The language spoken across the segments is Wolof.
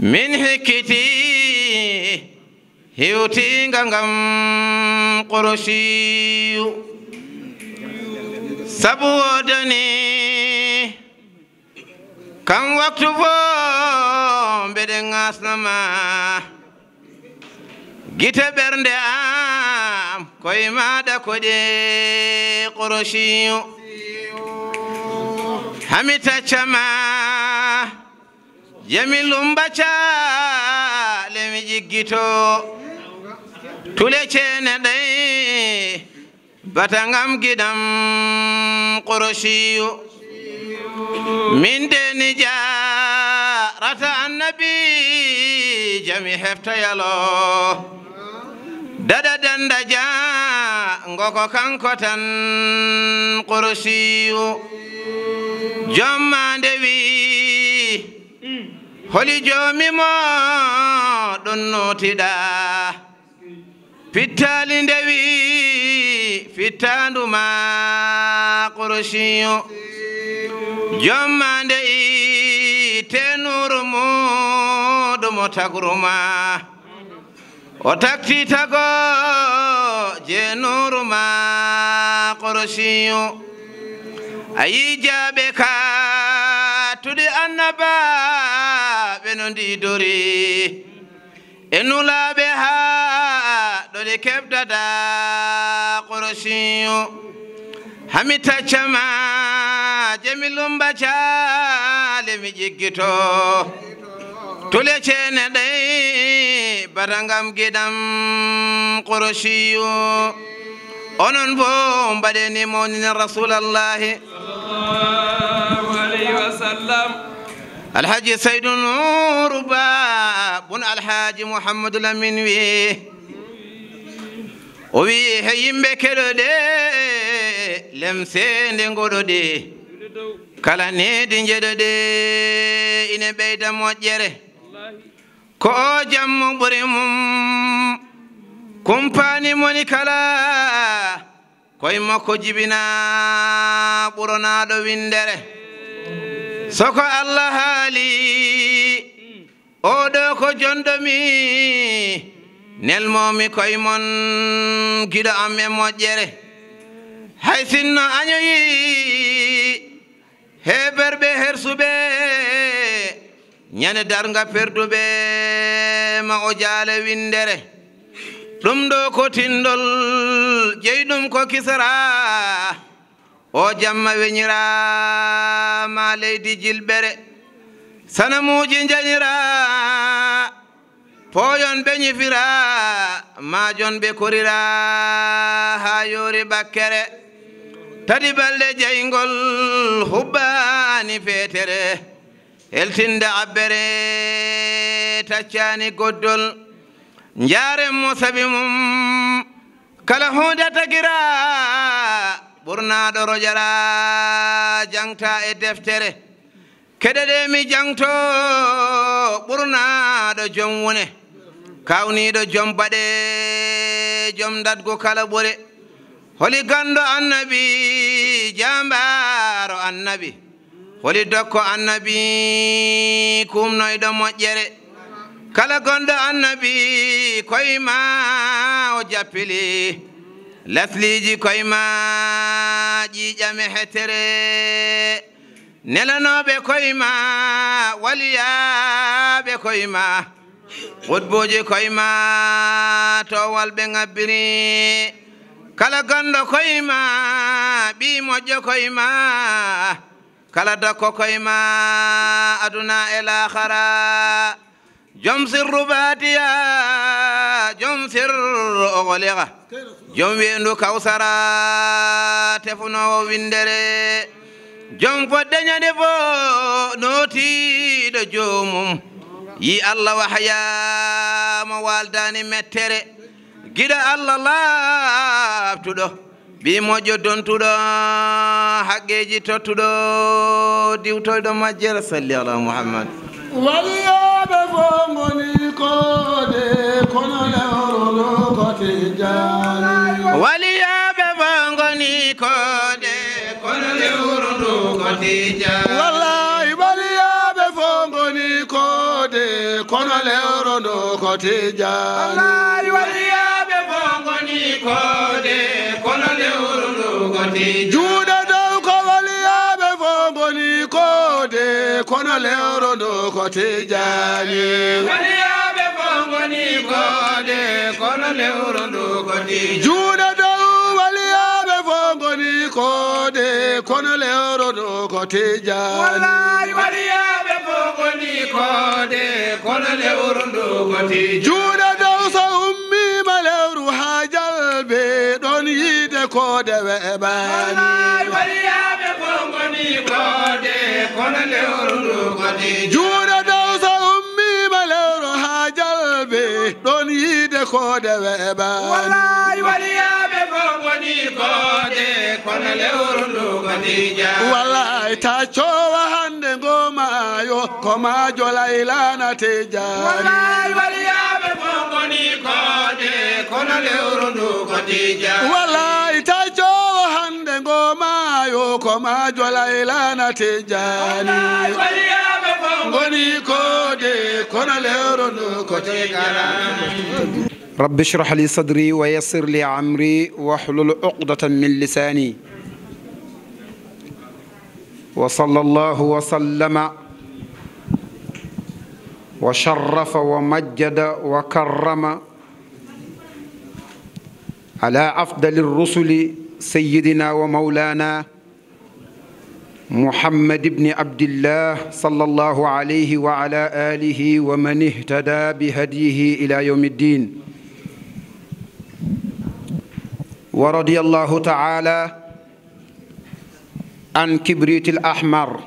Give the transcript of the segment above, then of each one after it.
من حكتي هيوتين غنغم قرشي سبو دني كان وقت بدن اسلما جيت برندان koye maɗa ko ɗe qorosiyo hami taccama yami lumbaca lemi jiggito tule ceene ɗay bata ngam giɗam qorosiyo min deni ja rata annabi jami heftayalo dada danda ja ngoko kanko tan kursiyu jommande wi holi jomimo ɗonnotiɗa fittali nde wi fittanduma kursiyu jommande i tenuru muɗumo tagruma o takfitago je nuru ma korosiyu ayi jaɓe ka tuɗi annaba ɓe no ndidori e nulaɓe ha ɗoɗe keɓdada korosiyu hami taccama jemi lumbacale mi jiggito tulecene ɗay batagam giɗam korosiyo onon bo mbaɗeni mawnini rasulallahi alhaji saydou nouru ba bon alhaji mouhamadou lamin wi o wi he yimɓe keɗoɗe lemsede goɗoɗe kala nedi jeɗoɗe ine ɓeyda moƴƴere ko o jammo ɓuri mum kumpani moni kala koye makko jibina ɓuronaɗo windere soko allah haali oɗo ko jondomi nelmomi koye mon giɗo am e moƴƴere hay sinno añoyi heɓerɓe hersuɓe ñane darga perduɓe ma o jaale windere ɗum ɗo ko tindol jeyi ɗum ko kisara o jamma weñira ma leydi jilɓere sanamuji jañira poyon ɓe ñifira majon ɓe korira ha yori bakkere tadi balɗe jeyngol hubbani fetere heltinde abbere taccani goddol jaremmo saabi mum kala hunde tagira ɓurnaɗo rojara jangta e deftere keɗeɗemi jangto ɓurnaɗo joom wone kawniɗo joom baɗe joom dadgo kala ɓore holi gando annabi jambaro annabi woli dokko annabi kumnoyɗo moƴƴere kala gonɗo annabi koyema o jappili lasliji koyema ƴiƴame hetere nelanoɓe koyema waliyaɓe koyema wodboji koyema towal ɓe gabbiri kala gonɗo koyema ɓi moƴƴo koyema kala dakko koyma aduna el ahara jom sirru batiya jom sirr ogoliga jom wendu kawsara tefunowo windere jom foddeñade fo notiɗo jomum yi allah wahya mo waldani mettere giɗa allah laabtuɗo la, ɓimoƴƴo dontuɗo haqqeji tottuɗo diwtoyɗo majjere salli ala mouhammad waliyaɓe fo goni kono lewrolo kote jani yikkode kono lewru ndugoti juuɗe dow ko waliyaɓe fo goni kode kono lewru ndugoti jaani waliyaɓe fo goni kode kono lewru ndugoti juuɗe dow waliyaɓe fo goni kode kono lewru ndugoti jaani waliyaɓe fo goni kode kono lewru ndugoti ko dewe e baani waliyaɓe ko goni kode kono lewru ndu goni juuɗe dow so ummima lewru ko dewe e baani waliyaɓe ko goni kode kono lewru ndu goni ja wallay ta cowa hande رب اشرح لي صدري ويسر لي عمري واحلل عقدة من لساني وصلى الله وسلم وشرف ومجد وكرم على أفضل الرسل سيدنا ومولانا محمد بن عبد الله صلى الله عليه وعلى آله ومن اهتدى بهديه إلى يوم الدين ورضي الله تعالى عن كبريت الأحمر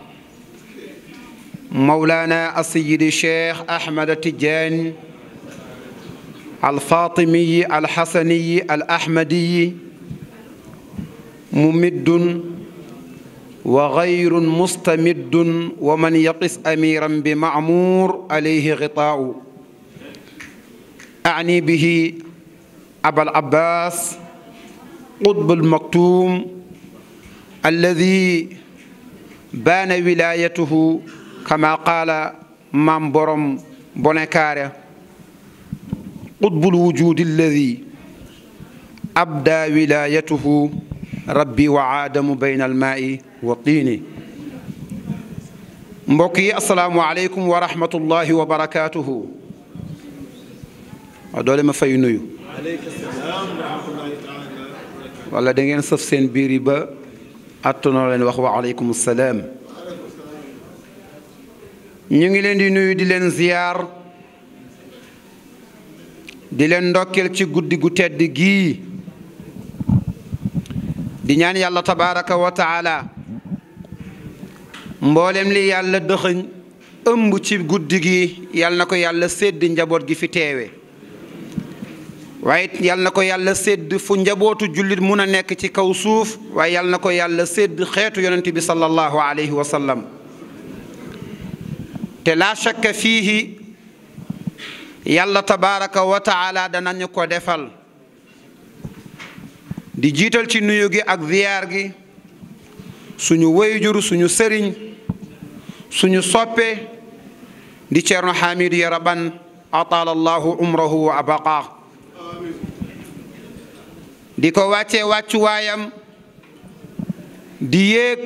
مولانا السيد الشيخ أحمد التجان الفاطمي الحسني الأحمدي ممد وغير مستمد ومن يقس أميرا بمعمور عليه غطاء أعني به أبا العباس قطب المكتوم الذي بان ولايته كما قال مام بروم بونيكاري قطب الوجود الذي ابدى ولايته ربي وعادم بين الماء والطين مبوكي السلام عليكم ورحمة الله وبركاته أدولي ما فاي نيو عليك السلام ورحمة الله تعالى والله دنجين صف سين بيري با أتنا لين وخوا السلام ñu leen di nuyu di leen ziar di leen ndokkeel ci guddi gu tedd gi di ñaan yàlla tabaraka wa taala mboolem li yàlla dëxëñ ëmb ci guddi gi yàlla nako yàlla sédd njabot gi fi teewe waaye yàlla nako yàlla sédd fu njabotu julit muna nek ci kaw suuf yàlla nako yàlla sédd xetu yonnati bi sallallahu alayhi wa sallam te la shakka fiihi yàlla tabaraka wa taala danañu ko defal di jiital ci nuyu gi ak ziyaar gi suñu wayjur suñu sëriñ suñu soppe di ceerno xamidu yaraban atala allahu umrahu wa abaqa di ko wàccee wàccuwaayam di yéeg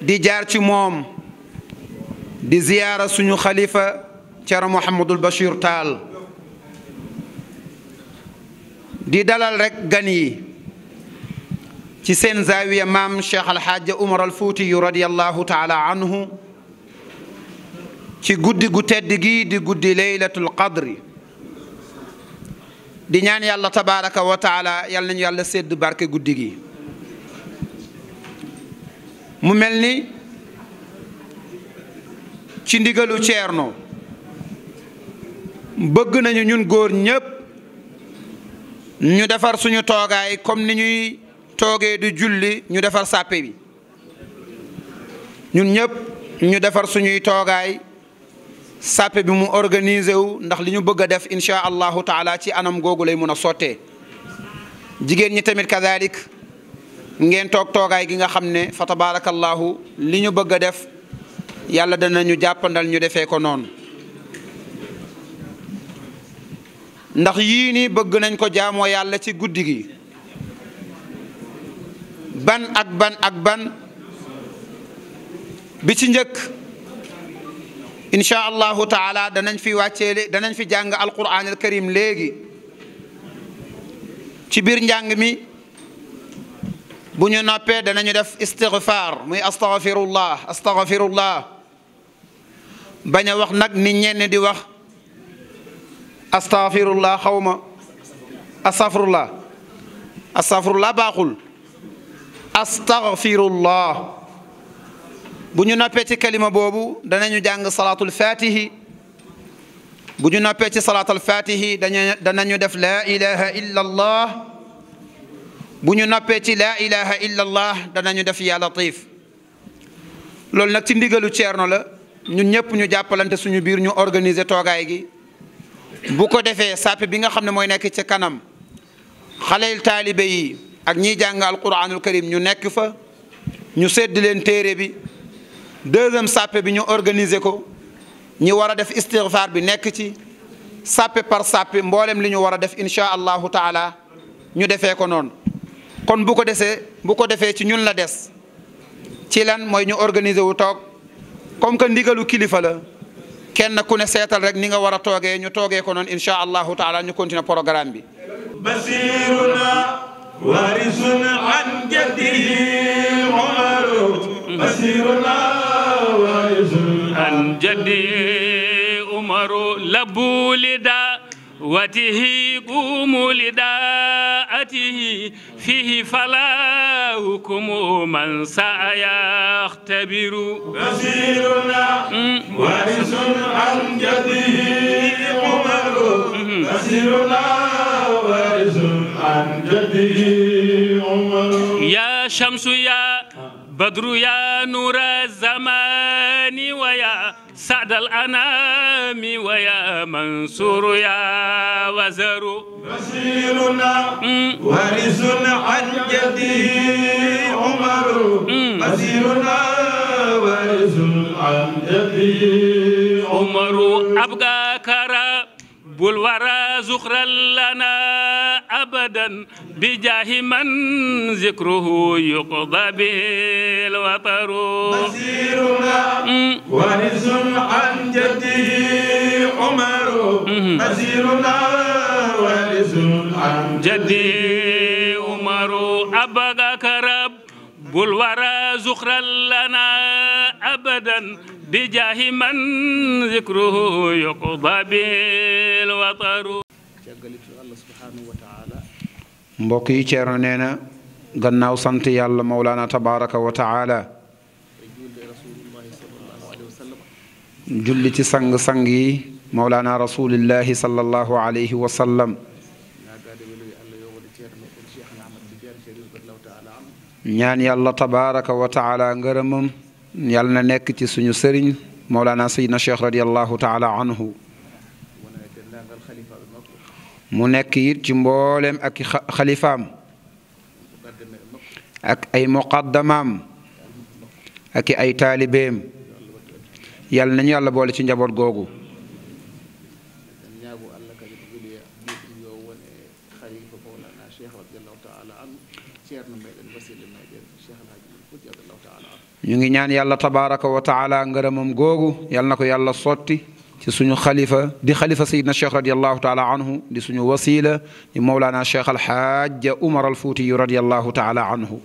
di jaar ci moom di ziyaara suñu xalifa Thierno Mouhamadul Bachir Tall di dalal rek gan yi ci seen zaawiya maam Cheikh Alxaaja Umar al futi yu radiyallahu taala anhu ci guddi gu tedd gi di guddi laylatul qadri di ñaan yàlla tabaaraka wa taala yal nañu yàlla sédd barke guddi gi mu mel ci ndigalu Ceerno bëgg nañu ñun góor ñépp ñu defar suñu toogaay comme ni ñuy toogee du julli ñu defar sàppe bi ñun ñépp ñu defar suñuy toogaay sàppe bi mu organiser wu ndax li ñu bëgg a def incha allahu taala ci anam googu lay mun a sottee jigéen ñi tamit kadalik ngeen toog toogaay gi nga xam ne fa tabaarakallahu li ñu bëgg a def yàlla danañu jàppandal ñu defee ko noonu ndax yii nii bëgg nañ ko jaamoo yàlla ci guddi gi ban ak ban ak ban bi ci njëkk incha allahu taala danañ fi wàccee danañ fi jàng alquran al karim léegi ci biir njàng mi bu ñu noppee danañu def istighfar muy astaghfirullah astaghfirullah baña wax nak ni ñenn di wax astaghfirullah xaw astaghfirullah astaghfirullah astafirullah astaghfirullah bu ñu noppee ci kalima boobu danañu jàng salatul fatihi bu ñu noppee ci salatul fatihi dañu danañu def la ilaha illa allah bu ñu noppee ci la ilaha illa allah danañu def ya latif lol nak ci ndigalu cierno la ñun ñëpp ñu jàppalante suñu biir ñu organiser toogaay gi bu ko defee sàppe bi nga xam ne mooy nekk ci kanam xale taalibe yi ak ñiy jàng alquranul karim ñu nekk fa ñu sedd leen téere bi deuxième sàppe bi ñu organiser ko ñi war a def istighfar bi nekk ci sàppe par sàppe mboolem li ñu war a def incha allahu taala ñu defee ko noonu kon bu ko desee bu ko defee ci ñun la des ci lan mooy ñu organiser wu toog comme que ndigalu kilifa la kenn ku ne seetal rek ni nga war a toogee ñu tooge ko noonu incha allahu taala ñu continuer programme bi. basiruna warisun an jaddihi umaru basiruna warisun an jaddihi umaru labu رحمته فيه فلاهكم من سيختبر بصيرنا وارث عن جده عمر بصيرنا وارث عن جده عمر يا شمس يا بدر يا نور الزمان ويا سعد الأنام ويا منصور يا وزر بشيرنا وارث عن جده عمر بشيرنا وارث عن جده عمر أبقى كرم بالورى زخرا لنا أبدا بجاه من ذكره يقضى به الوطر مسيرنا وارث عن جده عمر مسيرنا وارث عن جده عمر أبقى كرب بالورى زخرا لنا أبدا bijaahi man zikruhu yuqda bil wataru mbokk yi ceerno nee na gannaaw sant yàlla mawlaana tabaraka wa taala julli ci sang-sang yi mawlaana rasulillahi sallallahu alayhi wa sallam ñaan yàlla tabaraka wa taala yàlla na nekk ci suñu sëriñ Mawlana Seydina Cheikh radiallahu taala anhu mu nekk it ci mboolem ak xalifam ak ay muqaddamaam ak ay taalibeem yàlla nañu yàlla boole ci njaboot googu ñi ñaan yàlla tabaraka wa taala ngeeramum gogu yalla nako yàlla sotti ci suñu khalifa di khalifa sayyidna sheikh radiyallahu taala anhu di suñu wasila di sheikh al-hajj umar al-futi radiyallahu taala anhu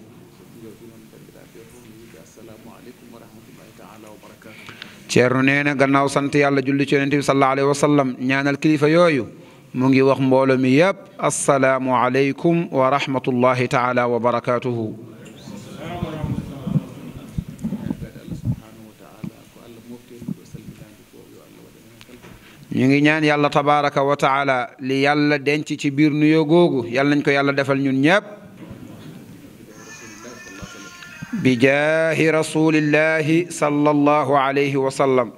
ciernu neena gannaaw sant yàlla julli ci yonente sallallahu alayhi wa sallam ñaanal khalifa yoyu mu ngi wax mbolo mi yeb assalamu alaykum wa rahmatullahi taala wa barakatuhu ñu ngi ñaan yàlla tabaraka wa taala li yàlla denc ci biir nuyoo googu yàlla nañ ko yàlla defal ñun ñépp bi jaahi rasulillahi alayhi wa sallam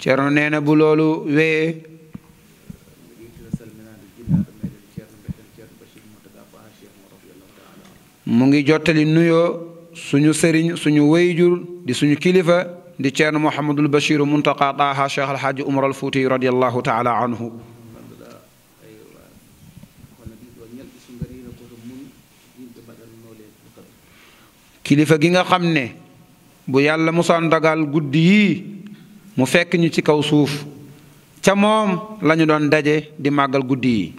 ceerno nee na bu loolu wee mu ngi jottali nuyoo suñu sëriñ suñu wayjur di suñu kilifa di Ceerno Mouhamadul Bachir Muntaqa Taaha Cheikh Al Hadji Umar Al Fuuti radiyallahu taala anhu kilifa gi nga xam ne bu yàlla musaan dagal guddi yii mu fekk ñu ci kaw suuf ca moom lañu doon daje di màggal guddi yi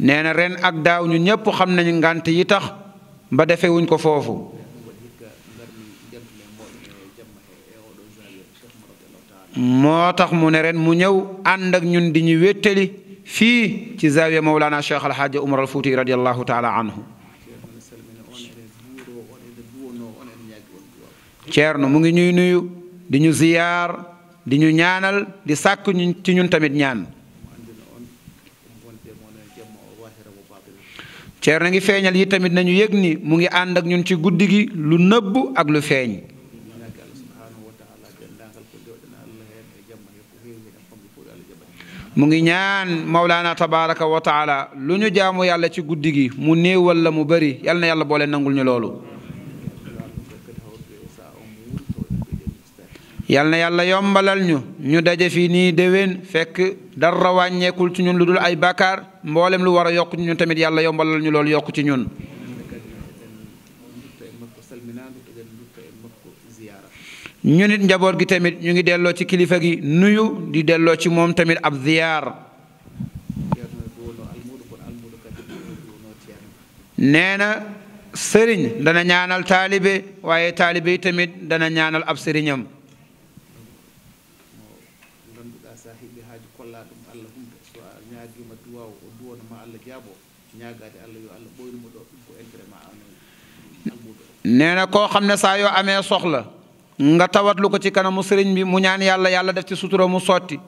nee na ren ak daaw ñu ñépp xam nañu ngànt yi tax ba defewuñ ko foofu moo tax mu ne ren mu ñëw ànd ñun di ñu wéttali fii ci zawiya mawlana cheikh alhaaji umar alfouti radiallahu taala anhu ceerno mu ngi ñuy nuyu di ñu ziyaar di ñu ñaanal di sàkk ci ñun tamit ñaan ceer na ngi feeñal yi tamit nañu yëg ni mu ngi ànd ak ñun ci guddi gi lu nëbb ak lu feeñ mu ngi ñaan mawlaana tabaraka wa taala lu ñu jaamu yàlla ci guddi gi mu néewal la mu bari yàlla na yàlla boole nangul ñu loolu yal na yàlla yombalal ñu ñu daje fii nii déwén fekk dara wàññeekul ci ñun lu dul ay bàkkaar mboolem lu war a yokk ci ñun tamit yàlla yombalal ñu loolu yokk ci ñun ñu nit njaboot gi tamit ñu ngi delloo ci kilifa gi nuyu di delloo ci moom tamit ab ziyaar nee na sëriñ dana ñaanal taalibe waaye taalibe yi tamit dana ñaanal ab sëriñam ganduɗa sa heeɓi haaji kolla ɗum allah humta so a ñaagima duwa o o ma allah jaabo ñaagade allah yo allah ɓoynuma ɗo ɗum ko intérêt ma amen almuɗo ko na koo xam ne saa yoo amee soxla nga tawatlu ko ci kanamu sëriñ bi mu ñaan yàlla yàlla def ci sutura mu sotti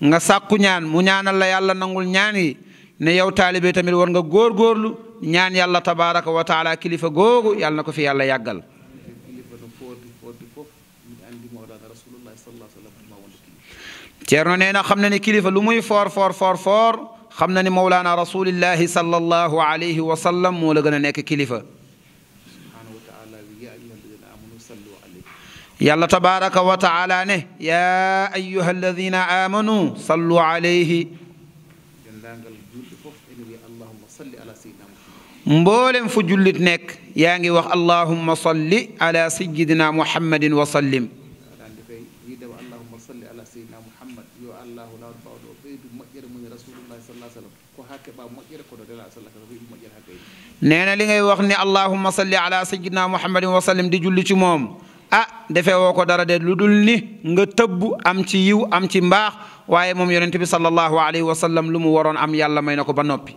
nga sàkku ñaan mu ñaanal la yàlla nangul ñaan yi ne yow taalibe tamit war nga góorgóorlu ñaan yàlla tabaraka wa taala kilifa googu yàlla na ko fi yàlla yàggal تيرنا نينا خمنا نكلف لموي فار فار فار فار خمنا مولانا رسول الله صلى الله عليه وسلم مولغنا نك كلفة يالله تبارك وتعالى نه يا أيها الذين آمنوا صلوا عليه مبولم فجلت نك يانغي وخ اللهم صل على سيدنا محمد وسلم نانا لي li ngay wax ni allahumma salli ala sayyidina muhammadin wa sallim di julli ci moom ah defee woo ko nga teub am ci yiw am ci mbax waye mom yonent bi sallallahu alayhi wa sallam lu mu am yàlla may nako ba nopi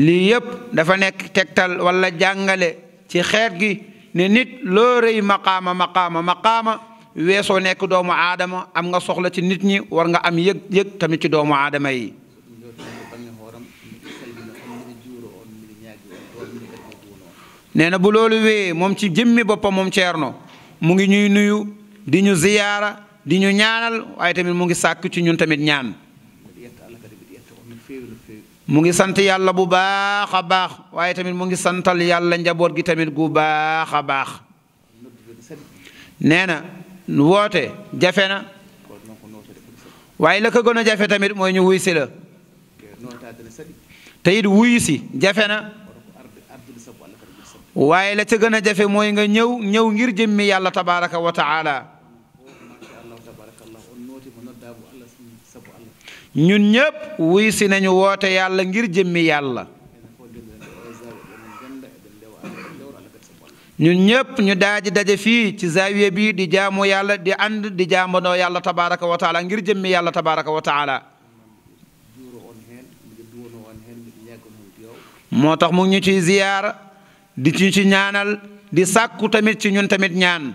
li yëpp dafa nek tektal wala jàngale ci xet gi ne nit lo reuy maqama maqama maqama weesoo nekk doomu aadama am nga soxla ci nit ñi war nga am yëg-yëg tamit ci doomu aadama yi nee na bu loolu wéyee moom ci jëmmi boppam moom no mu ngi ñuy nuyu di ñu ziyaara di ñu ñaanal waaye tamit mu ngi sàkk ci ñun tamit ñaan mu ngi sant yàlla bu baax a baax waaye tamit mu ngi santal yàlla njaboot gi tamit gu baax a baax nee na woote jafe na waaye la ko gën a jafe tamit mooy ñu wuy si la te it si jafe na waaye la ca gën a jafe mooy nga ñëw ñëw ngir jëmmi yàlla tabaraka wa taala ñun ñëpp wuy nañu woote yàlla ngir jëmmi yàlla ñun ñëpp ñu daaji daje fii ci zawier bi di jaamu yàlla di ànd di jaamonoo yàlla tabaraka wa taala ngir jëmmi yàlla tabaraka wa taala moo tax mu ñu ci ziyaar di ci ci ñaanal di sàkku tamit ci ñun tamit ñaan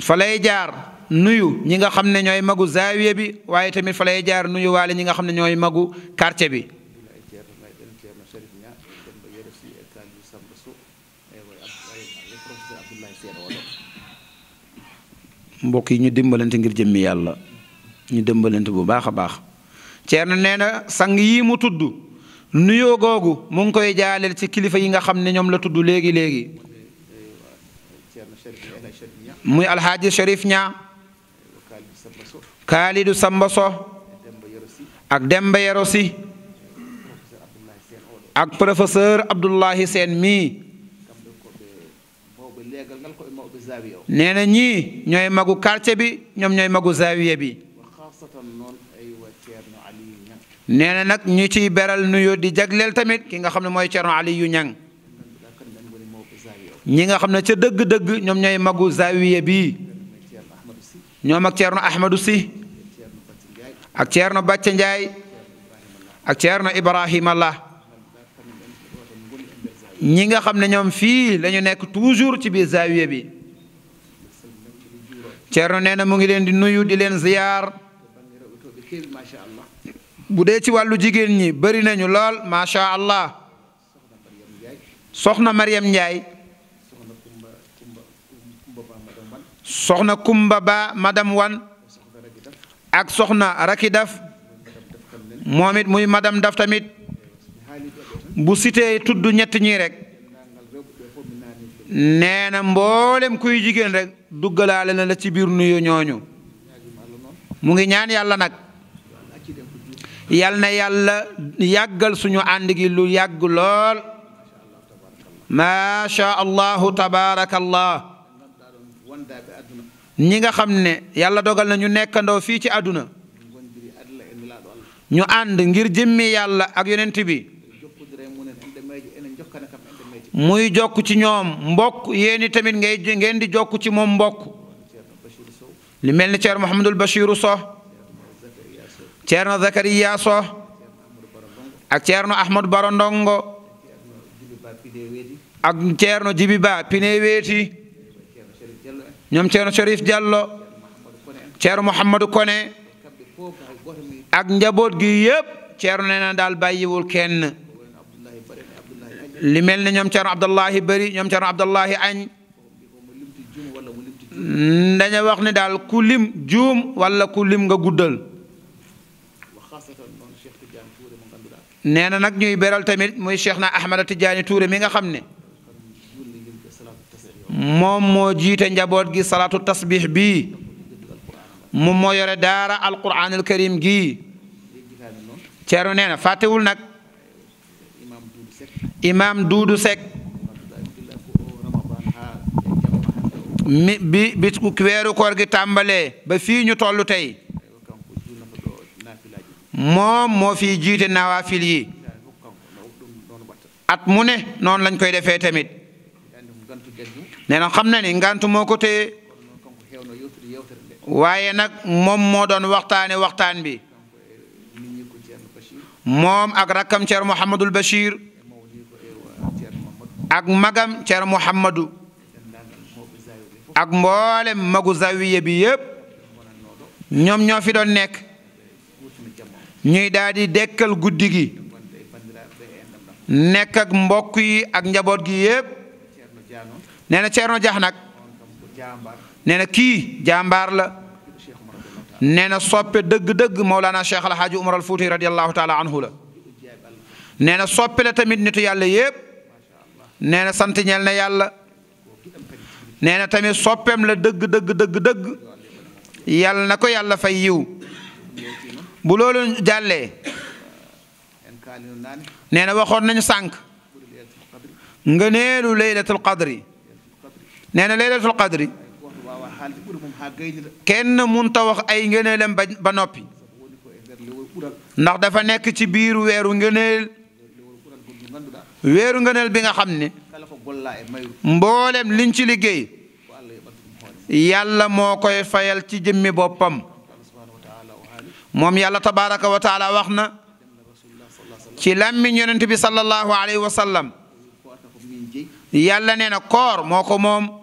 fa lay jaar nuyu ñi nga xam ne ñooy magu zawier bi waaye tamit fa lay jaar nuyu waale ñi nga xam ne ñooy magu quartier bi mbokk yi ñu dimbalante ngir jëmmi yàlla ñu dimbalante bu baax a baax Ceerno nee na sang yii mu tudd nuyoo googu mu ngi koy jaaleel ci kilifa yi nga xam ne ñoom la tudd léegi léegi muy alxaaji Cherif ña Kaalidu Samba ak Demba Yero ak professeur Abdoulahi Seen mii nee na ñii ñooy magu quartier bi ñoom ñooy magu zaawiya bi nee na nag ñu ciy beral nuyoo di jagleel tamit ki nga xam ne mooy Thierno Aliou Niang ñi nga xam ne ca dëgg-dëgg ñoom ñooy magu zaawiya bi ñoom ak Thierno Ahmadou Sy ak Thierno Bacca Ndiaye ak Thierno Ibrahima la ñi nga xam ne ñoom fii lañu ñu nekk toujours ci biir zaawiya bi Ceerno nee na mu ngi leen di nuyu di leen ziyaar bu dee ci wàllu jigéen ñi bari nañu lool macha allah soxna Mariam njaay soxna Kumba Ba madam Wan ak soxna Raki Daf moom muy madam Daf tamit bu sitee tudd ñett ñi rekk neena mboolem kuy jigéen rek. duggalaale na la ci biir nuyu ñooñu mu ngi ñaan yàlla nag yal na yàlla yàggal suñu ànd gi lu yàgg lool maasha allahu tabaarakallah ñi nga xam ne yàlla dogal na ñu nekkandoo fii ci àdduna ñu ànd ngir jëmmi yàlla ak yonent bi muy jokk ci ñoom mbokk yéeni tamit ngay ngeen di jokk ci moom mbokk li mel ni cer mohamadul bashiru so cer na zakaria so ak cer na ahmad baro ndongo ak cer na jibi ba pine weeti ñoom cer na sharif diallo cer mohamadu kone ak njaboot gi yépp cer na nee na daal bàyyiwul kenn li mel ne ñoom Thierno Abdallahi bëri ñoom Thierno Abdallahi añ dañu wax ne daal ku lim juum wala ku lim nga guddal nee na nag ñuy beral tamit muy Cheikh na Ahmada Tidiane Touré mi nga xam ne moom moo jiite njaboot gi salaatu tasbix bii moom moo yore daara alquranil karim gii Thierno nee na fàttewul nag imam dudu sek bi bis weeru koor gi tàmbalee ba fii ñu toll tey moom moo fi jiite nawaafil yi at muné non noonu lañ koy defee tamit nee na xam na ni ngantu moo ko téye waaye nag moom doon waxtaane waxtaan bi moom ak rakkam Ceer Mouhamadul Bachir ak magam Ceerno Muhammadu ak mbollem magu zawiya bi yeb ñom ño fi doon nek ñuy daadi dekkal guddigi nek ak mbokk yi ak njabot gi yeb neena na Jax nak neena ki jambar la neena soppe deug deug maulana Cheikh al hadji Umar al futi radiyallahu taala anhu la neena soppe la tamit nitu yàlla yeb nee na sant ñel na yàlla nee na tamit soppeem la dëgg dëgg dëgg dëgg yàlla na ko yàlla fay yiw bu loolu jàllee nee na waxoon nañu sànq ngëneelu laylatul qadri nee na laylatul qadri kenn munta wax ay ngëneelam ba noppi ndax dafa nekk ci biiru weeru ngëneel weeru ngëneel bi nga xam ne mboolem liñ ci liggéey yàlla moo koy fayal ci jëmmi boppam moom yàlla tabaraka wa taala wax na ci làmmiñ yonent bi sallallahu alayhi wa nee na koor moo ko moom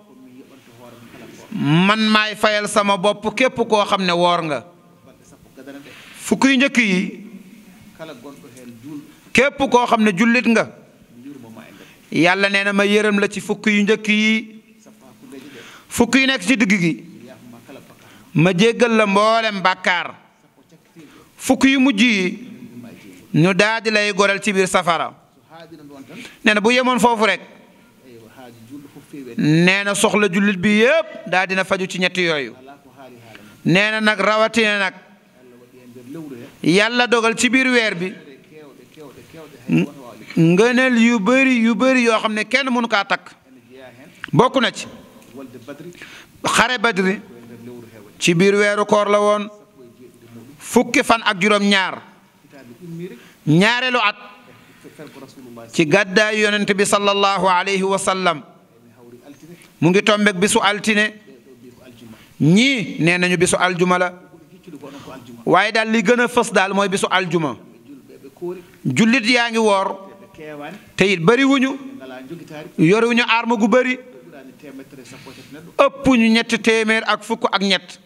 man maay fayal sama bopp képp koo xam ne woor nga fukki njëkk yi képp koo xam ne jullit nga yàlla nee na ma yërëm la ci fukki yu njëkk yi fukk yu nekk ci digg gi ma jéggal la mboolem bàkkaar fukk yu mujj yi ñu daal di lay goreel ci biir safara nee na bu yemoon foofu rek nee na soxla jullit bi yépp daal na faju ci ñetti yooyu nee na nag rawatina nag yàlla dogal ci biir weer bi ngëneel yu bëri yu bëri yoo xam ne kenn mënu kaa takk bokk na ci xare badri ci biir weeru koor la woon fukki fan ak juróom ñaar ñaareelu at ci gàddaay yonent bi sallallahu alayhi wa mu ngi tombek bisu altine ñii nee nañu bisu aljuma la waaye daal li gën a fës daal mooy bisu aljuma jullit yaa ngi woor te it bëri wuñu yorewuñu arme gu bëri ëpp ñu ñetti téeméer ak fukk ak ñett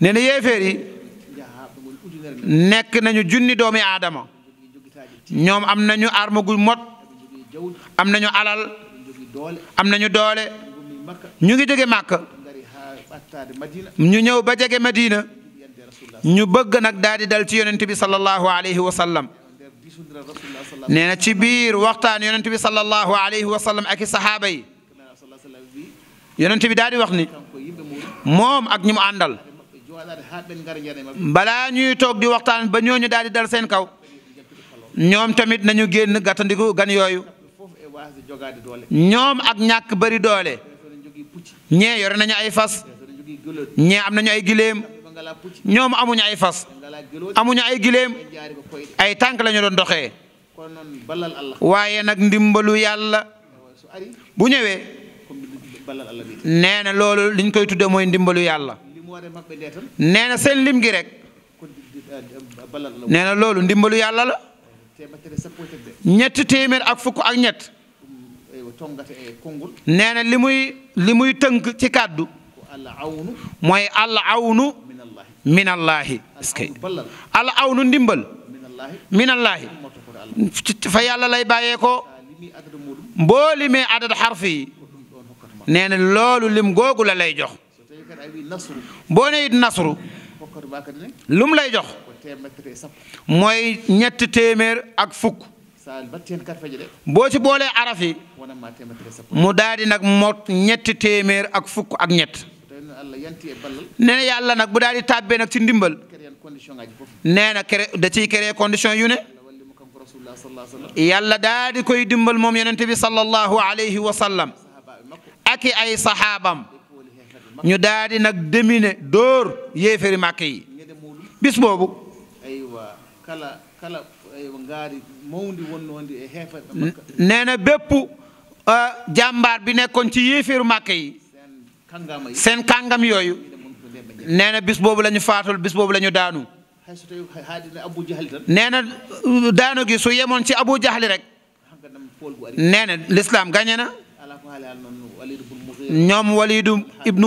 nee na yeefeer yi nekk nañu junni doomi aadama ñoom am nañu arme gu mot am nañu alal am nañu doole ñu ngi jóge Màkka ñu ñëw ba jege Madina ñu bëgg nag daal di dal ci yonent bi sallallahu alayhi nee na ci biir waxtaan yonent bi sallallahu alayhi wa sallam ak i saxaaba yi yonent bi daal di wax ni moom ak ñu mu àndal balaa ñuy toog di waxtaan ba ñooñu daal di dal seen kaw ñoom tamit nañu génn gàttandiku gan yooyu ñoom ak ñàkk bari doole ñee yore nañu ay fas ñee am nañu ay gileem. ñoom amuñu ay fas amuñu ay giléem ay tànk la ñu doon doxee waaye nag ndimbalu yàlla bu ñëwee nee na loolu liñ koy tudde mooy ndimbalu yàlla nee na seen lim gi rek nee na loolu ndimbalu yàlla la ñett téeméer ak fukk ak ñett nee na li muy li muy tënk ci kàddu mooy àll awnu minallaahi iskay al awnu ndimbal minallaahi fa yàlla lay bàyyee ko boo limee adad xarf yi nee na loolu lim googu la lay jox boo ne it nasru lum lay jox mooy ñetti téeméer ak fukk boo ci boolee araf yi mu daal di nag mot ak fukk ak ñett nee na yàlla nag bu daal di tàbbee nag ci ndimbal nee na crée da ciy créé condition yu ne yàlla daal di koy dimbal moom yonente bi sallallahu alayhi wa sallam ak i ay saxaabam ñu daal di nag demine dóor yéeféri màkk yi bis boobu nee na bépp jàmbaar bi nekkoon ci yéeféru màkk yi seen kàngam yooyu nee na bis boobu lañu ñu faatul bis boobu lañu ñu daanu nee na uh, daanu gi su yemoon ci abu jaxli rek nee na lislaam gañe na ñoom walidu ibnu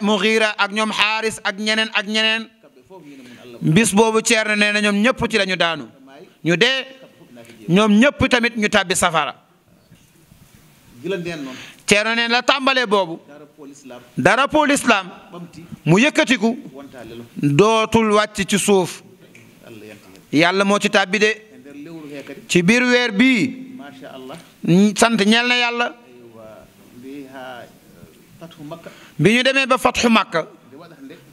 mugira ak ñoom xaaris ak ñeneen ak ñeneen bis boobu ceerno nee na ñoom ñëpp ci la ñu daanu ñu dee ñoom ñëpp tamit ñu tàbbi safara تيرانين لا تامبالي بوبو دارا بول اسلام مو يكاتيكو دوتول واتي تي سوف يالا مو تي تابي دي تي وير بي ما الله سانت نيالنا يالا فتح مكه بي ني ديمي با فتح مكه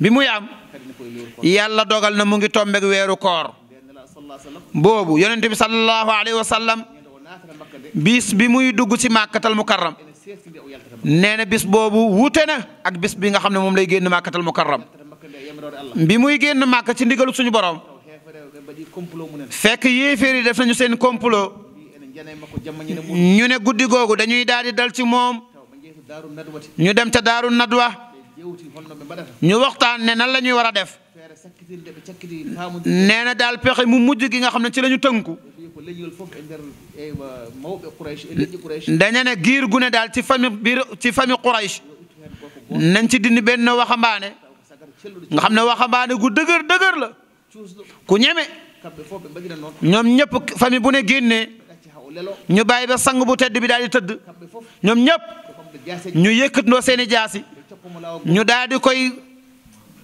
bi muy am yalla dogal na mu ngi tombe ak wéru koor bobu yonnentou bi sallallahu alaihi wasallam bis bi muy dugg nee na bis boobu wuute na ak bis bi nga xam ne moom lay génn màkkatal mukarram bi muy génn màkk ci ndigalu suñu borom fekk yéeféer yi def nañu seen complot ñu ne guddi googu dañuy daal dal ci moom ñu dem ca daaru nadwa ñu waxtaan ne nan la ñuy a def nee daal pexe mu mujj gi nga xam ne ci la tënku na eh, ne giir gune daal ci fami biir ci fami Quraysh nañ ci dindi benn waxambaane nga xam ne waxambaane gu dëgër dëgër la ku ñeme ñoom ñëpp fami bu ne génnee ñu bàyyi ba sang bu tedd bi daal di tëdd ñoom ñëpp ñu yëkk yëkkatndoo seen i jaasi ñu daal di koy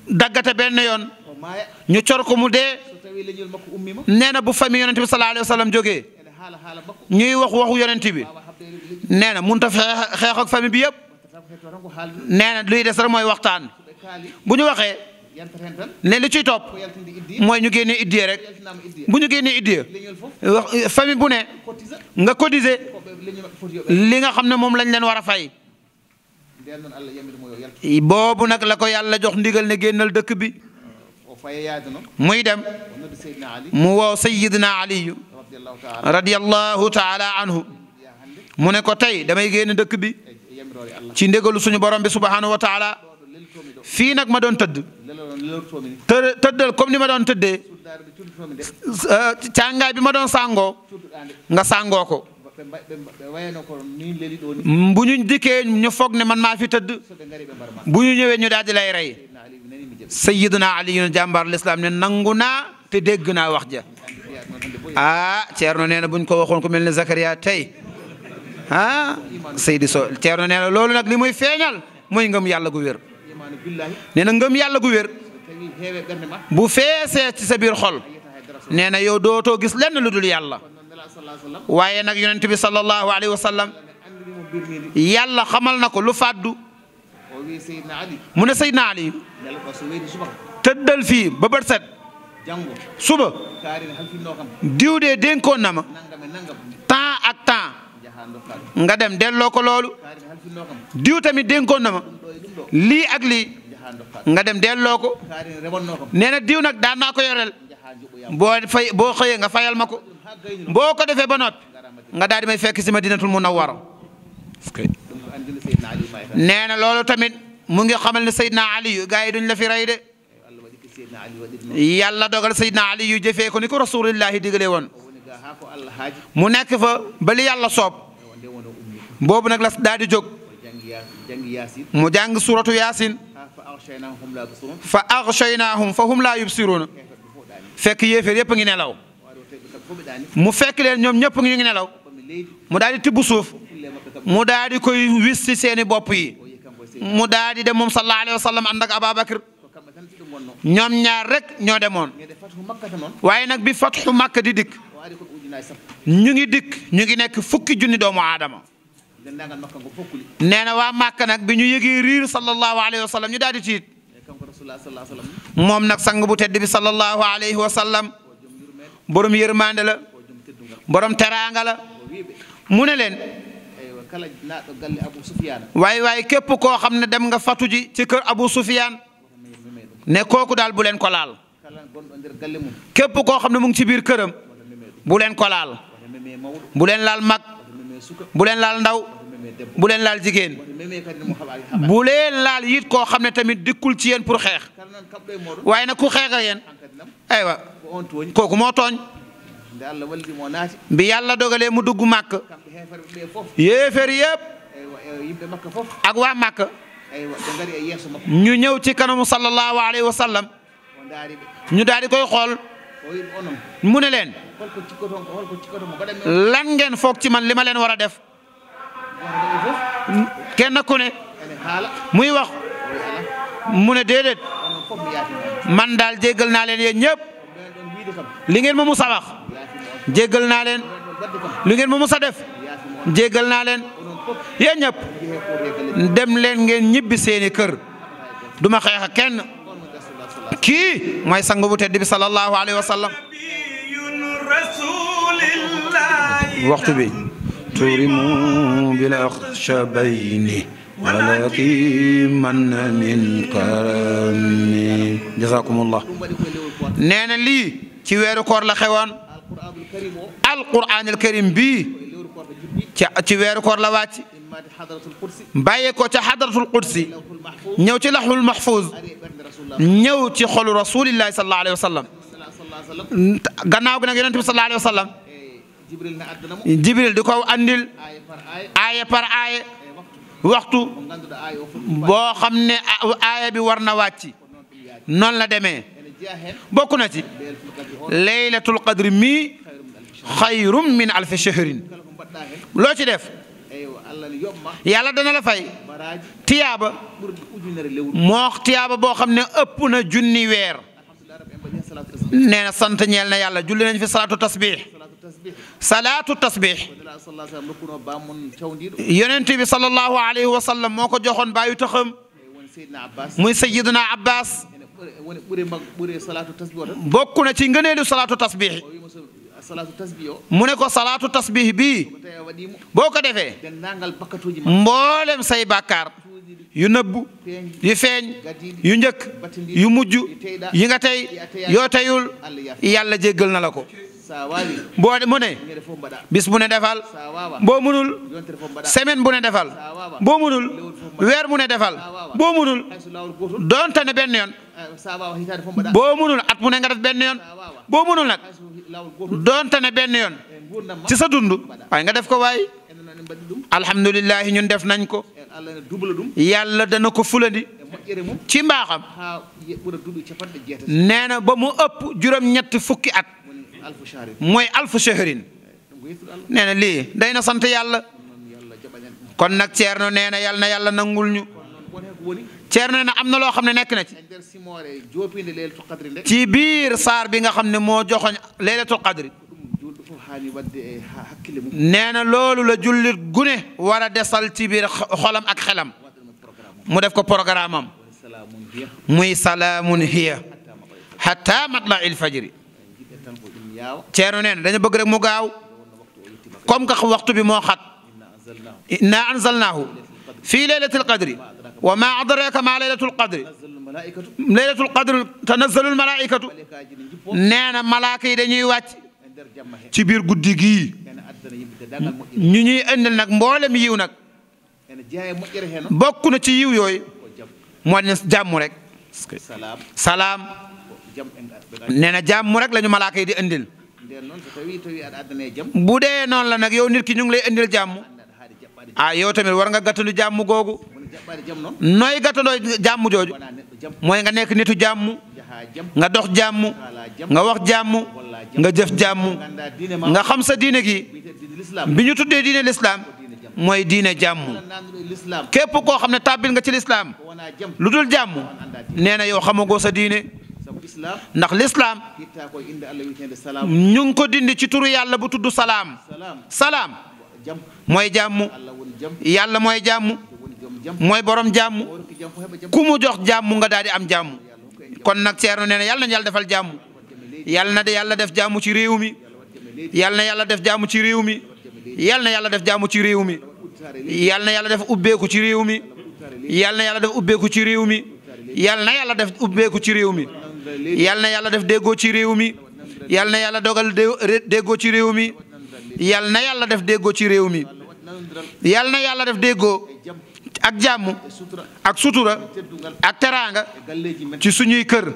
daggata benn yoon ñu cor ko mu dee nee na bu fami yonente bi bu alayhi wa sallam jógee ñuy wax waxu yonent bi nee na mënut a xeex ak bi yëpp nee na luy des rek mooy waxtaan bu ñu waxee ne li ciy topp mooy ñu génnee iddiyee rek bu ñu génnee iddiyee wax famille bu ne nga cotiser li nga xam ne moom lañ leen war a fay. boobu nag la ko yàlla jox ndigal ne génnal dëkk bi muy dem mu woo Sayyidina Aliyu radiyallahu taala anhu mu ne ko tey damay génn dëkk bi ci ndégalu suñu borom bi subhanahu wa taala fii nag ma doon tëdd tëddal comme ni ma doon tëddee càngaay bi ma doon sàngoo nga sàngoo ko bu ñu dikkee ñu foog ne man maa fi tëdd bu ñu ñëwee ñu daal di lay rey sayyiduna aliyun jàmbaar lislaam ne nangu naa te dégg naa wax ja ah Thierno nee buñ ko waxoon ku mel Zakaria tey ah Seydi Sow Thierno nee na loolu nag li muy feeñal yàlla gu wér nee na yàlla gu wér bu feesee ci sa biir xol nee yow dootoo gis lenn lu yàlla waaye nag yonent sallallahu alayhi wa yàlla xamal na lu fàddu mu Seydina Ali tëddal fii ba bët suba diw de dénkoon na ma temps ak temps nga dem delloo ko loolu diw tamit dénkoon na ma lii ak lii nga dem delloo ko nee na diw nag daan naa ko yoreel boo fay boo xëyee nga fayal ma ko boo ko defee ba noppi nga daal may fekk si Madinatul Munawwara nee na loolu tamit mu ngi xamal ne Seydina Aliyu gaa duñ la de. يالا دغال سيدنا علي يو جيفي كو نيكو رسول الله ديغلي وون مو نيك فا با لي صوب بوب نك لا دادي جوك مو جانغ سوره ياسين فاغشيناهم فهم لا يبصرون فك يفر ييب نغي نلاو لين نيوم نيب نغي نلاو مو دادي كوي ويستي سيني بوب يي مو صلى الله عليه وسلم عندك ابا بكر ñoom ñaar rek ñoo demoon waaye nag bi fatxu makka di dikk ñu ngi dikk ñu ngi nekk fukki junni doomu aadama nee na waa makka nag bi ñu yëgee riir sallallahu alayhi wa sallam ñu daal di tiit moom nag sang bu tedd bi sallallahu alayhi wa sallam borom yërmande la borom teraanga la mu ne leen waaye waaye képp koo xam ne dem nga fatu ji ci kër Abu Sufyaan ne kooku daal bu leen ko laal képp koo xam ne mu ngi ci biir këram bu leen ko laal bu leen laal mag bu leen laal ndaw bu leen laal jigéen bu leen laal yit koo xam ne tamit dikkul ci yéen pour xeex waaye na ku xeex ak yéen aywa kooku moo tooñ bi yàlla dogalee mu dugg màkk yéeféer yépp ak waa màkk ñu ñëw ci kanamu sallallahu alayhi wa sallam ñu daal di koy xool mu ne leen lan ngeen foog ci man li ma leen war a def kenn ku ne muy wax mu ne déedéet man daal jéggal naa leen yéen ñëpp li ngeen ma musa wax jéggal leen li ngeen musa def jéggal leen. yéen ñëpp dem leen ngeen ñibbi seeni kër du ma xeex kenn kii mooy sang bu tedd bi sallallahu alayhi wa sallam waxtu bi turimu bil axshabayni walaki man min karami jazakumullah nee na lii ci weeru koor la xewoon alquranil karim bii ci weeru koor la wàcc bàyyi ko ca xadratul qudsi ñëw ci laxul mahfuz ñëw ci xolu rasulillahi sallallahu alayhi wa sallam gannaaw gi nag yonente bi sallallahu alayhi wa sallam jibril di ko andil aaya par aaya waxtu boo xam ne aaya bi war na wàcc noonu la demee bokk na ci laylatul qadri mi xayrun min alfi shahrin loo ci def yàlla dana la fay tiyaaba moo tiyaaba boo xam ne ëpp na junni weer nee na sant ñeel na yàlla julli nañ fi salaatu tasbih salaatu tasbih yonent bi sallallahu alayhi wa sallam moo ko joxoon bàyyu taxam muy sayiduna abbas bokk na ci ngëneelu salaatu tasbih mu ne ko salaatu tasbih bii boo ko defee mboolem say bàkkaar yu nëbbu yu feeñ yu njëkk yu mujj yi nga tey yoo teyul yàlla jéggal na la ko boo mu bis bu ne defal boo munul semaine bu ne defal boo munul wer mu ne defal boo munul donte ne benn yoon eh, munul at mu ne nga def benn yoon boo munul nag donte ne benn yoon eh, ci sa dund waaye nga def ko waaye eh, alhamdulillahi ñun def nañ ko yàlla dana ko fulandi ci mbaaxam ba mu ëpp juróom-ñetti fukki at mooy alfu shahrin nee na lii day na sant yàlla kon nag Ceerno nee na yàlla na yàlla nangul ñu Ceerno nee na am na loo xam na ci ci biir saar bi nga xam ne joxoñ laylatul qadri nee na la jullit gune war desal ci biir xolam ak xelam mu def ko programme muy salaamun hiya hatta matla il fajri ceerno neen dañu bëgg rek mu gaaw comme que waxtu bi moo xat inna anzalnaahu fii laylatil qadri wa ma adraka ma laylatul qadri laylatul qadri tanazzalul malaikatu nee na malaaka yi dañuy wàcc ci biir guddi gii ñu ñuy indil nag mboolem yiw nag bokk na ci yiw yooyu moo ne jàmm rek salaam nee na jàmm rek la ñu malaaka yi di indil bu dee noonu la nag yow nit ki ñu ngi lay indil a ah yow tamit war nga gàttandu jàmm googu nooy gàttandoo jàmm jooju mooy nga nekk nitu jàmm nga dox jàmm nga wax jàmm nga jëf jàmm nga xam sa diine gi bi ñu tuddee diine lislaam mooy diine jàmm képp koo xam ne tàbbil nga ci lislaam lu dul jàmm nee yow xamagoo sa diine ndax lislaam ñu ngi ko dindi ci turu yàlla bu tudd salaam salaam mooy jàmm yàlla mooy jàmm mooy borom jàmm ku mu jox jàmm nga daal di am jàmm kon nag Ceerno nee na yàlla nañu yàlla defal jàmm yàlla na yàlla def jàmm ci réew mi yàlla na yàlla def jàmm ci réew mi yàlla na yàlla def jàmm ci réew mi yàlla yàlla def ubbeeku ci réew mi yàlla na yàlla def ubbeeku ci réew mi na yàlla def ubbeeku ci réew mi yal na yàlla def déggoo ci réew mi yal na yàlla dogal déggoo ci réew mi yal na yàlla def déggoo ci réew mi yal na yàlla def déggoo ak jàmm ak sutura ak teraanga ci suñuy kër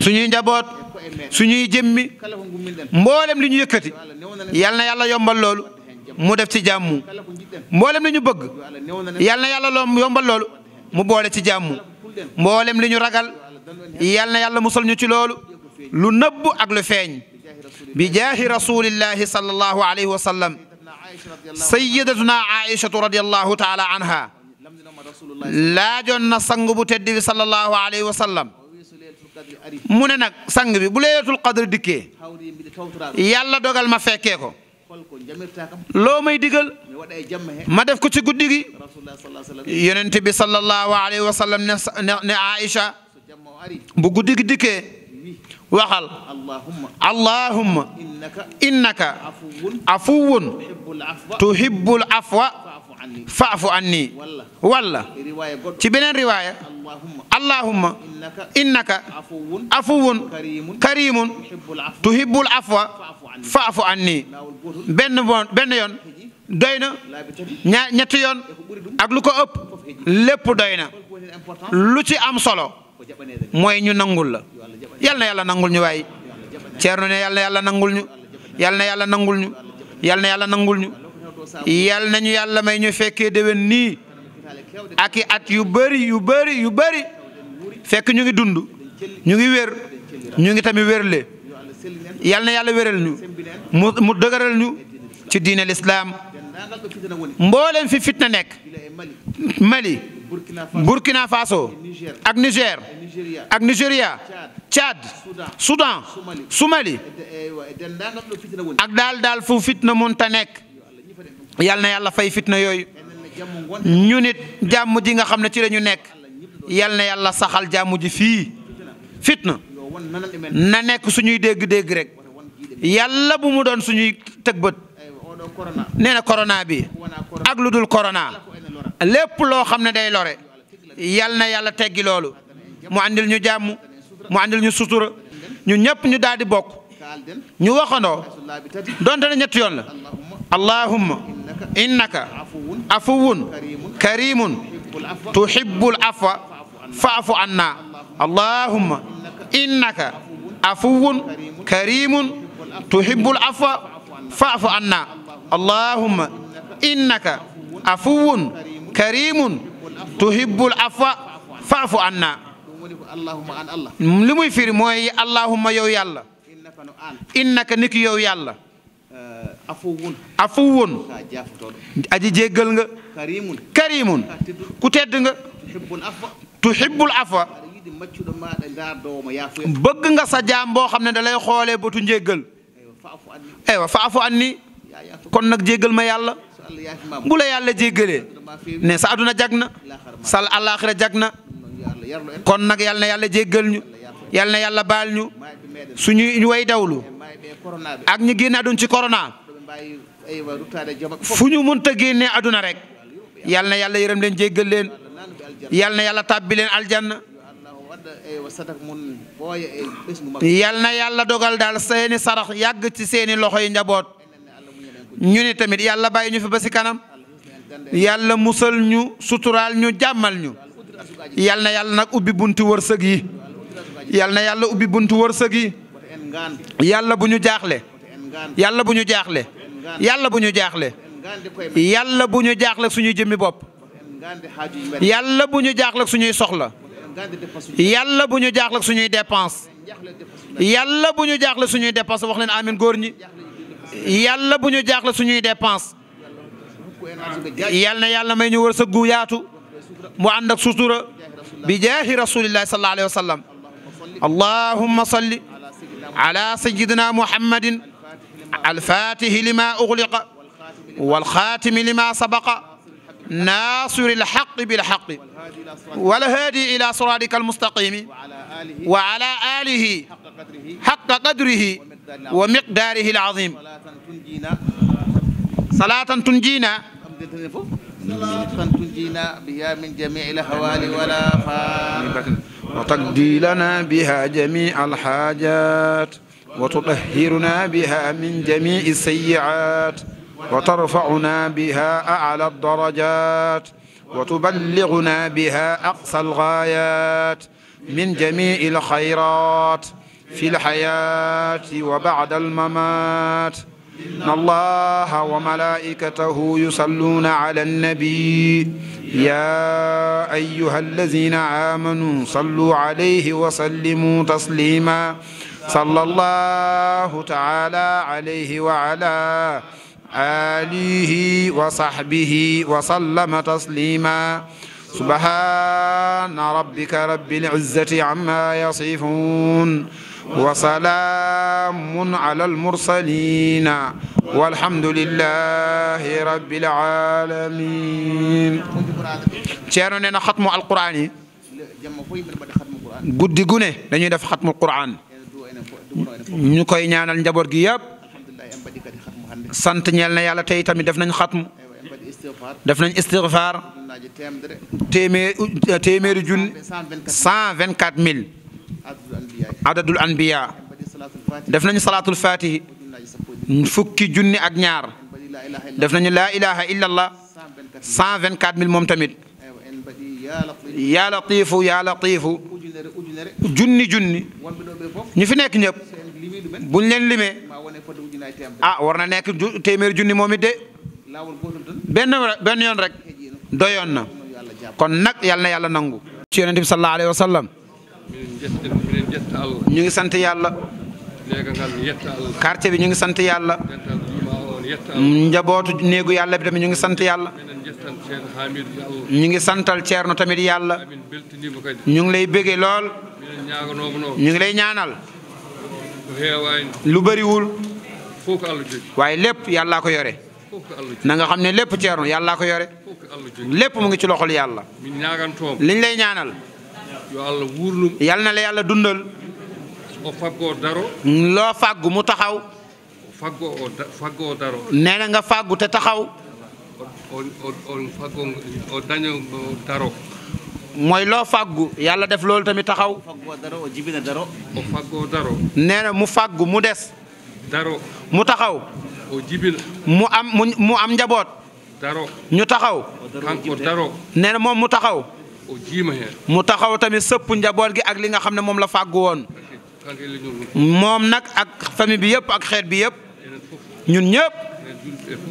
suñuy njaboot suñuy jëmmi mboolem li ñu yëkkati yal na yàlla yombal loolu mu def ci jàmm mboolem li ñu bëgg yal na yàlla loom yombal loolu mu boole ci jàmm mboolem li ñu ragal يالنا يالنا مصل نتلول لنب أقل فين بجاه رسول الله صلى الله عليه وسلم سيدتنا عائشة رضي الله تعالى عنها لا جن نسنغب تدي صلى الله عليه وسلم مننا سنغبي بلية القدر دكي يالنا دوغل ما فاكيكو لو ماي ديغل ما داف كو تي غودي يونتبي صلى الله عليه وسلم ن عائشه bu guddi gi dikkee waxal allahumma innaka afuwun tuhibbul afwa faafu anni walla ci beneen riwaaya allahumma innaka afuwun karimun tuhibbul afwa faafu anni benn bon benn yoon doy na ña ñetti yoon ak lu ko ëpp lépp doy am solo mooy ñu nangul la yal na yàlla nangul ñu waay Ceerno ne na yàlla nangul ñu yal na yàlla nangul ñu yal na yàlla nangul ñu yal nañu yàlla may ñu fekkee déwén nii ak i at yu bëri yu bëri yu bëri fekk ñu ngi dund ñu ngi wér ñu ngi tamit wérle yal na yàlla wéral ñu mu dëgëral ñu ci diine lislaam mboolem fi fitna nekk Mali Burkina Faso ak Niger ak Nigeria Tchad Soudan Somalie eh, ak daal daal fu fitna ta nekk yal na yàlla fay fitna yooyu ñu nit jàmm ji nga xam ne ci lañu nekk yal na yàlla saxal jàmm ji fii fitna na nekk suñuy dégg-dégg rek yàlla bu mu doon suñuy tëg bët eh, nee na corona bi ak lu dul corona. lépp loo xam ne day lore yal na yàlla teggi loolu mu andil ñu jàmm mu andil ñu sutura ñu ñëpp ñu daal di ñu waxandoo donte ne ñetti yoon la allahumma innaka afuwun karimun tuhibbul afwa fa'fu anna allahumma innaka afuwun karimun tuhibbul afwa fa'fu anna allahumma innaka afuwun كريم تحب العفو فاعف عنا اللهم عن الله موي اللهم يو يالا انك نك يو يالا عفو عفو ادي جيغل nga كريم كريم كو تيد nga تحب العفو تحب العفو بغ nga سا جام بو خامني دالاي خولي بوتو جيغل ايوا فاعف عني ايوا فاعف عني كون نك جيغل ما يالا bu la yàlla jéggalee ne sa aduna jag na sal àllaaxira jag na kon nag yal na yàlla jéggal ñu yal na yàlla baal ñu suñu ñu way dawlu ak ñu génne adun ci corona fu ñu mënta génne aduna rek yal na yàlla yërëm leen jéggal leen yal na yàlla tàbbi leen aljanna yal na yàlla dogal daal seeni sarax yàgg ci seeni loxo yi njaboot ñu ni tamit yàlla bàyyi ñu fi ba si kanam yàlla musal ñu suturaal ñu jàmmal ñu yal na yàlla nag ubbi bunti wërsëg yi yal na yàlla ubbi bunti wërsëg yi yàlla bu ñu jaaxle yàlla bu ñu jaaxle yàlla bu ñu jaaxle yàlla bu ñu jaaxle suñuy jëmmi bopp yàlla bu ñu jaaxle suñuy soxla yàlla bu ñu jaaxle suñuy dépense yàlla bu ñu jaaxle suñuy dépense wax leen amin góor ñi yàlla buñu jaxla jaaxle suñuy dépense yàlla yàlla may ñu wërsëg gu yaatu mu ànd ak sutura bi jahi rasulillahi sallallahu alayhi wasallam allahumma salli ala sayyidina muhammadin alfatihi lima ughliqa walxaatimi lima sabaqa ناصر الحق بالحق والهادي إلى صراطك المستقيم وعلى آله حق قدره ومقداره العظيم صلاة تنجينا صلاة تنجينا بها من جميع الأهوال والآفات وتقضي لنا بها جميع الحاجات وتطهرنا بها من جميع السيئات وترفعنا بها أعلى الدرجات وتبلغنا بها أقصى الغايات من جميع الخيرات في الحياة وبعد الممات إن الله وملائكته يصلون على النبي يا أيها الذين آمنوا صلوا عليه وسلموا تسليما صلى الله تعالى عليه وعلى آله وصحبه وسلم تسليما سبحان ربك رب العزة عما يصفون وسلام على المرسلين والحمد لله رب العالمين تيانو نينا ختم القران غودي غوني دا نيو داف ختم القران نيوكاي نيانال نجابور غي ياب سانت نيالنا يالا تاي تامي داف نان ختم داف نان استغفار تيمير تيمير جون 124000 عدد الأنبياء دفنا صلاة الفاتحة نفكي جني أجنار دفنا لا إله إلا الله 124 ميل ممتمد يا لطيف يا لطيف جني جني نفنك نيب بلن لما ورنا نيك تيمير جني ممتد بنيون رك doyon na kon nak yalna yalla nangu ci yaronte bi sallallahu alaihi wasallam ñu ngi sant yàlla. quartier bi ñu ngi sant yàlla. njabootu néegu yàlla bi tamit ñu ngi sant yàlla. ñu ngi santal Ceerno tamit yàlla. ñu ngi lay bëggee lool. ñu ngi lay ñaanal. lu bëriwul. waaye lépp yàllaa ko yore. na nga xam ne lépp Ceerno yàllaa ko yore. lépp mu ngi ci loxol yàlla. liñ lay ñaanal. yo allah wurnum yal na la yàlla dundal o faggo daro loo fàggu mu taxaw faggo nee na nga fàggu te taxaw on mooy loo fàggu yàlla def loolu tamit taxaw o jibina daro o nee na mu fàggu mu des daro mu taxaw mu am am njaboot daro ñu taxaw kanko daro nee moom mu taxaw mu taxaw tamit sëpp njaboot gi ak li nga xam ne moom la fàgg woon moom nag ak famille bi yëpp ak xeet bi yëpp ñun ñëpp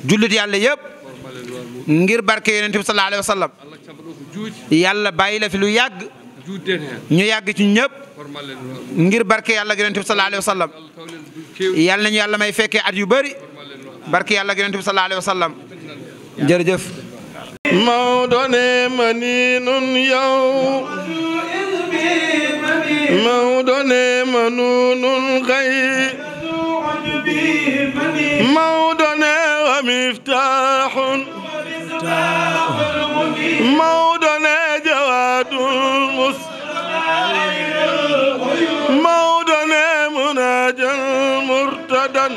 jullit yàlla yëpp ngir barke yonent bi sallallahu yàlla bàyyi la fi lu yàgg ñu yàgg ci ñëpp ngir barke yàlla yonent bi sallallahu alayhi wa sallam yàlla nañu may fekkee at yu bari barke yàlla yonent bi sallallahu alayhi wa sallam Maodo ne maninun yow Maodo ne manunun xay Maodo ne wa miftaxun Maodo ne jawaadul mus Maodo ne munaajan murtadan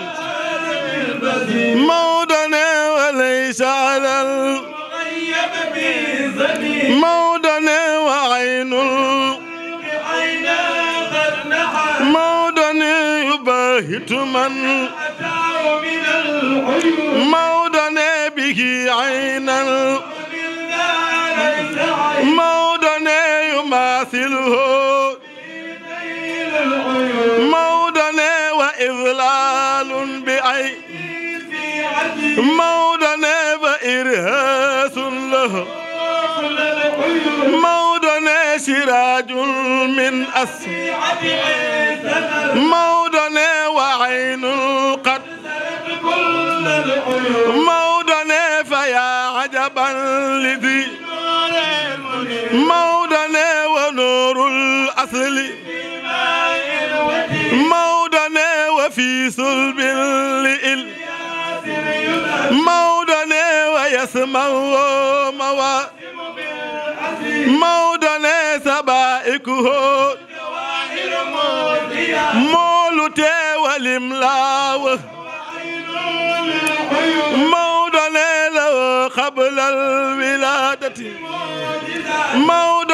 Maodo ne wa aynul Maodo ne yubahitu man Maodo ne bihi aynan Maodo ne yumathiluhu Maodo ne wa idlalun bi ay Maodo ne wa irhasun lahu مودنا سراج من أسر مودنا وعين قد مودنا فيا عجبا لذي مودنا ونور الأصل مودنا وفي صلب لئل مودنا ويسمع mawdo ne sabaikuhu moolu teewalim laaw mawdo ne law xablal wilaadati mawdo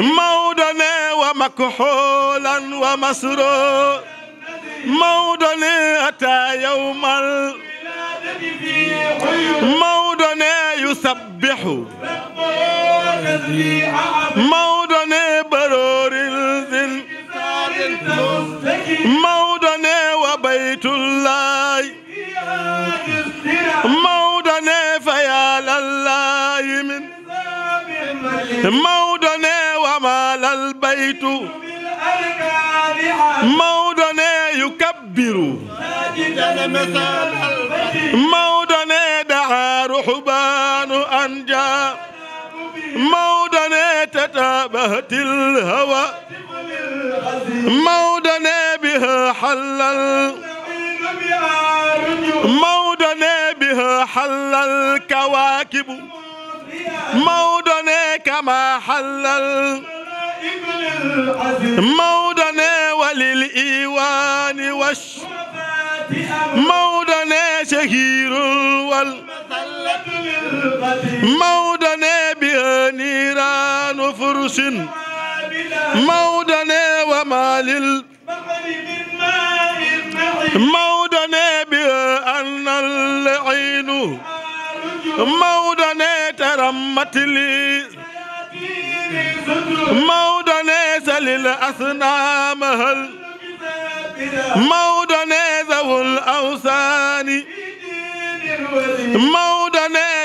مودا ومكحولا ومسرورا مودا أتى يوم مودا يسبح مودا برور الزن مودا وبيت الله مودا فيا لله من مودا البيت مودنا يكبر مودنا دعا رحبان أنجا مودنا تتابهت الهوى مودنا بها حلل مودنا بها حل الكواكب مودنا كما حلل مودنا وللإيوان وش مودنا شهير وال مودنا بنيران فرس مودنا وما لل مولانا بأن العين مودنا ترمت لي مود نيز للأصنام هل مود نيز الأوثان مود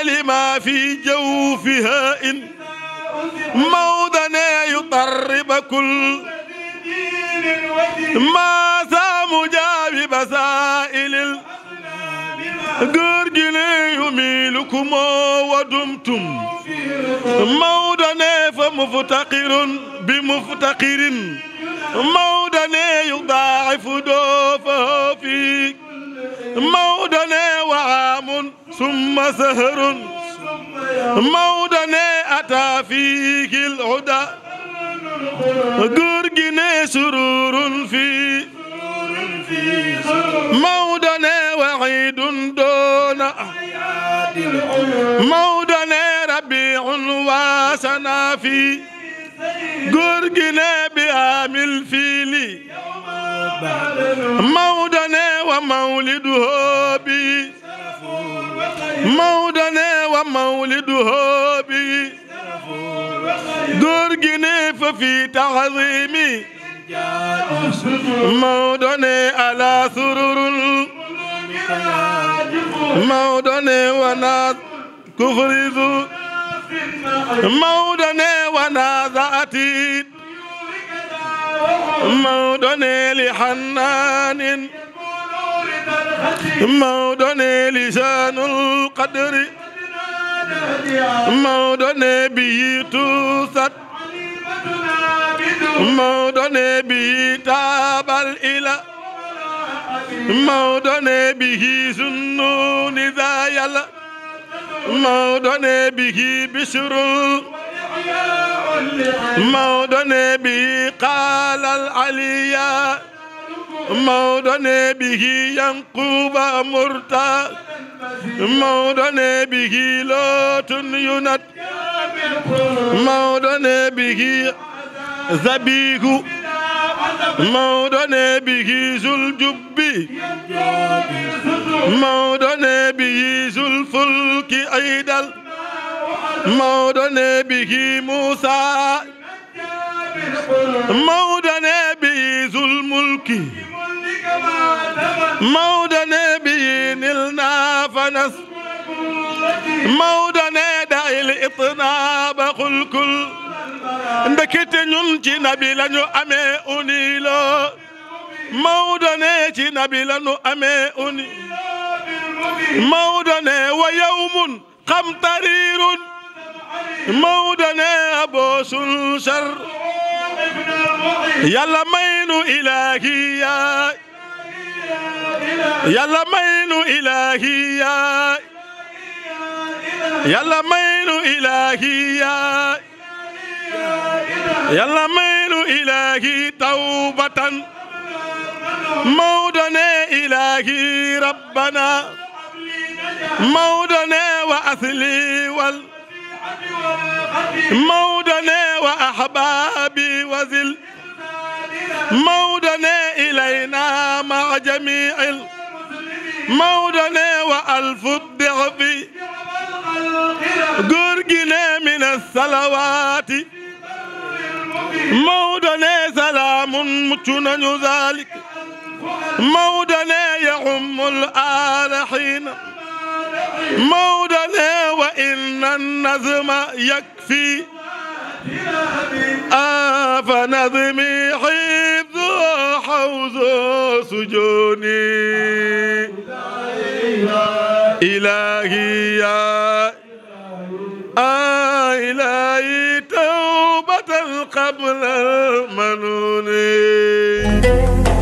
لما في جوفها إن مود يطرب كل ما سام جاب بسائل غرجلي يميلكما ودمتم مودا فمفتقر مفتقر بمفتقر مودا يضاعف دوفه فيك مودا وعام ثم سهر مودا اتى فيك العدى غرجلي سرور فيك مودنا وعيد دون مودنا ربيع واسنا في قرقنا بامل فيلي مودنا ومولده بي مودنا ومولده بي قرقنا ففي تعظيمي موضني على سرر موضني وناس كفر ذو موضني ونازعتي موضني لحنان موضني لسان القدر موضني به توسد موضع نبي تاب الإله موضع نبيه سنون ذا يلا موضع نبيه بشر موضع نبيه قال العليا موضن به ينقوب مرتا موضن به لوط ينت موضن به زبيك موضن به ذو الجب موضن به ذو الفلك أيدل موضن به موسى موضن به ذو الملك مولد نبي نلنا فنس مولد ندى الإطناب قل كل ndekete ñun ci nabi lañu amee uni la Maodo ne ci nabi lañu amee uni Maodo ne wa yawmun xam tariirun Maodo ne aboosul sar yàlla may nu ilaahiya yàlla may nu ilaahiya yàlla may nu ilaahiya yàlla may nu ilaahi tawbatan mawdane ilaahi rabbana mawdane wa asli wal mawdane wa ahbaabi wazil مودنا إلينا مع جميع مودنا وألف الضعف قرقنا من الصلوات مودنا سلام متنا ذلك مودنا يعم الآل حين مودنا وإن النظم يكفي أفنظمي حفظ حوز سجوني إلهي يا إلهي توبة قبل المنون